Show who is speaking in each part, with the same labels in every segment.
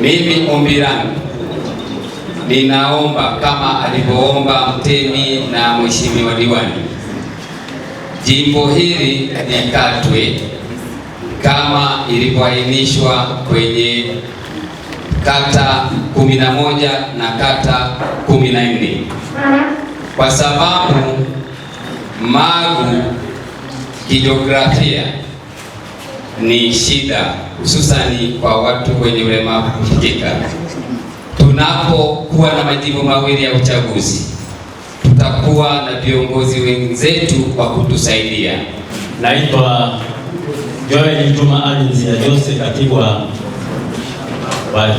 Speaker 1: Mimi ombi langu ninaomba kama alivyoomba mtemi na mheshimiwa diwani, jimbo hili likatwe kama ilivyoainishwa kwenye kata 11 na kata 14 kwa sababu Magu kijiografia ni shida hususani kwa watu wenye ulemavu kufikika. Tunapokuwa na majimbo mawili ya uchaguzi, tutakuwa na viongozi wenzetu wa kutusaidia.
Speaker 2: Naitwa Joel Juma Alinzi ya Jose, katibu wa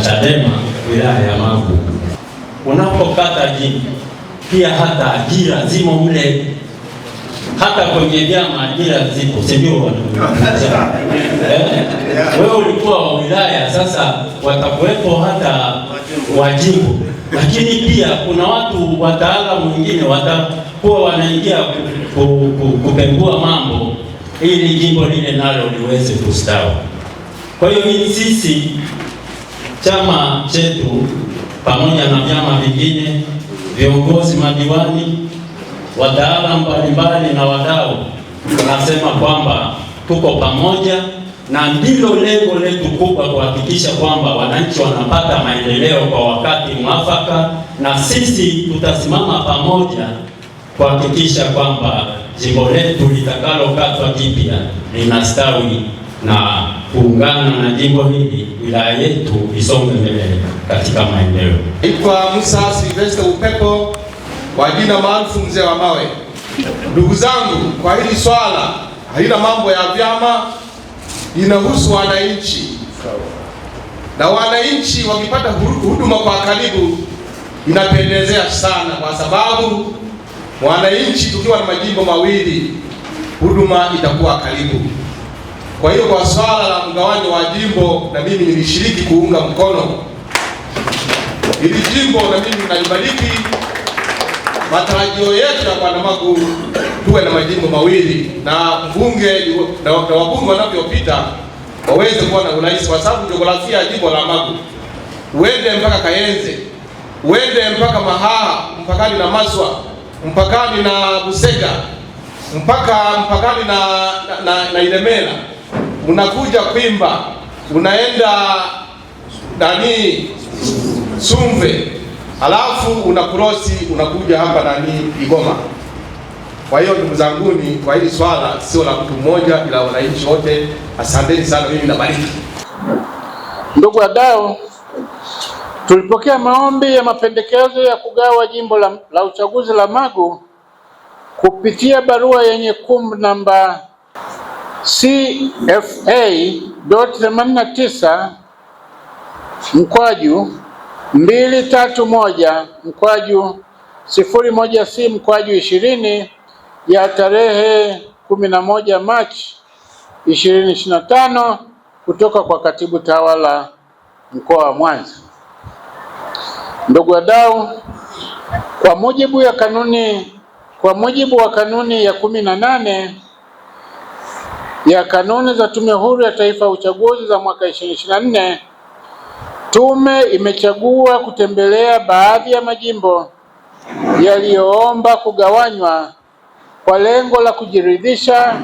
Speaker 2: Chadema wilaya ya Magu. Unapokata jimbo, pia hata ajira zimo mle hata kwenye vyama ajira zipo, sijui wewe ulikuwa wa wilaya, sasa watakuwepo hata wajibu lakini pia kuna watu wataalamu wengine watakuwa wanaingia kupengua mambo ili jimbo lile nalo liweze kustawi. Kwa hiyo ni sisi chama chetu pamoja na vyama vingine, viongozi, madiwani wataalamu mbalimbali na wadau tunasema kwamba tuko pamoja na ndilo lengo letu kubwa, kuhakikisha kwamba wananchi wanapata maendeleo kwa wakati mwafaka, na sisi tutasimama pamoja kuhakikisha kwamba jimbo letu litakalokatwa jipya linastawi na kuungana na jimbo hili, wilaya yetu isonge mbele katika
Speaker 3: maendeleo. Kwa Musa Silvester Upepo kwa jina maarufu mzee wa mawe. Ndugu zangu, kwa hili swala halina mambo ya vyama, inahusu wananchi, na wananchi wakipata huduma kwa karibu inapendezea sana, kwa sababu wananchi tukiwa na majimbo mawili huduma itakuwa karibu. Kwa hiyo kwa swala la mgawanyo wa jimbo, na mimi nilishiriki kuunga mkono ili jimbo, na mimi nalibariki matarajio yetu ya Bwana Magu tuwe na majimbo mawili na mbunge na wabunge wanavyopita waweze kuwa na urais, kwa sababu jiografia ya jimbo la Magu uende mpaka Kayenze, uende mpaka Mahaha, mpakani na Maswa, mpakani na Busega, mpaka mpakani na, na, na, na Ilemela, unakuja Kwimba, unaenda nani Sumve halafu unakurosi unakuja hapa nani Igoma. Kwa hiyo ndugu zanguni, kwa hili swala sio la mtu mmoja, ila wananchi wote. Asanteni sana, mimi nabariki.
Speaker 4: Ndugu wadau, tulipokea maombi ya mapendekezo ya kugawa jimbo la, la uchaguzi la Magu kupitia barua yenye kumbu namba CFA.89 mkwaju mbili tatu moja mkwaju sifuri moja si mkwaju ishirini ya tarehe kumi na moja Machi ishirini ishirini na tano kutoka kwa katibu tawala mkoa wa Mwanza. Ndugu wadau, kwa mujibu ya kanuni kwa mujibu wa kanuni ya kumi na nane ya kanuni za Tume Huru ya Taifa ya Uchaguzi za mwaka ishirini ishirini na Tume imechagua kutembelea baadhi ya majimbo yaliyoomba kugawanywa kwa lengo la kujiridhisha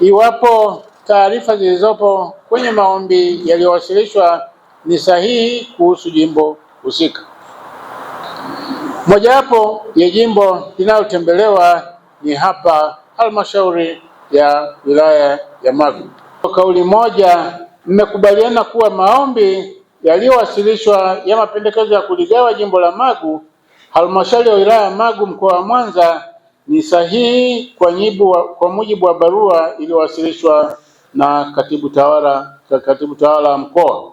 Speaker 4: iwapo taarifa zilizopo kwenye maombi yaliyowasilishwa ni sahihi kuhusu jimbo husika. Mojawapo ya jimbo linalotembelewa ni hapa halmashauri ya wilaya ya Magu. Kwa kauli moja mmekubaliana kuwa maombi yaliyowasilishwa ya mapendekezo ya kuligawa jimbo la Magu, halmashauri ya wilaya ya Magu mkoa wa Mwanza ni sahihi kwa, wa, kwa mujibu wa barua iliyowasilishwa na katibu tawala katibu tawala mkoa.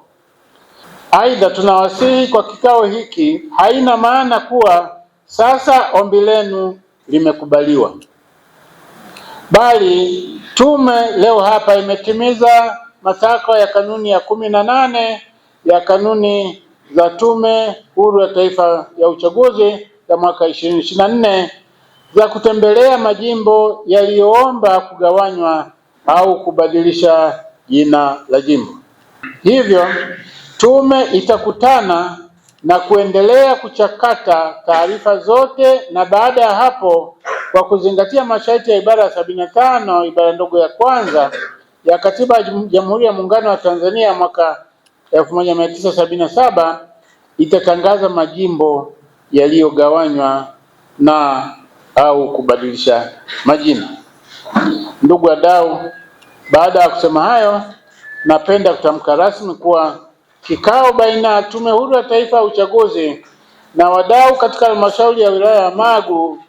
Speaker 4: Aidha, tunawasihi kwa kikao hiki, haina maana kuwa sasa ombi lenu limekubaliwa, bali tume leo hapa imetimiza matakwa ya kanuni ya kumi na nane ya kanuni za Tume Huru ya Taifa ya Uchaguzi ya mwaka ishirini za kutembelea majimbo yaliyoomba kugawanywa au kubadilisha jina la jimbo. Hivyo tume itakutana na kuendelea kuchakata taarifa zote, na baada ya hapo, kwa kuzingatia masharti ya ibara ya sabini na tano ibara ndogo ya kwanza ya Katiba ya Jamhuri ya Muungano wa Tanzania mwaka 1977 itatangaza majimbo yaliyogawanywa na au kubadilisha majina. Ndugu wadau, baada ya kusema hayo, napenda kutamka rasmi kuwa kikao baina ya Tume Huru ya Taifa ya Uchaguzi na wadau katika halmashauri ya wilaya ya Magu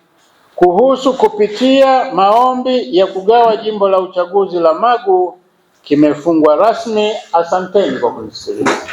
Speaker 4: kuhusu kupitia maombi ya kugawa jimbo la uchaguzi la Magu kimefungwa rasmi. Asanteni kwa kunisikiliza.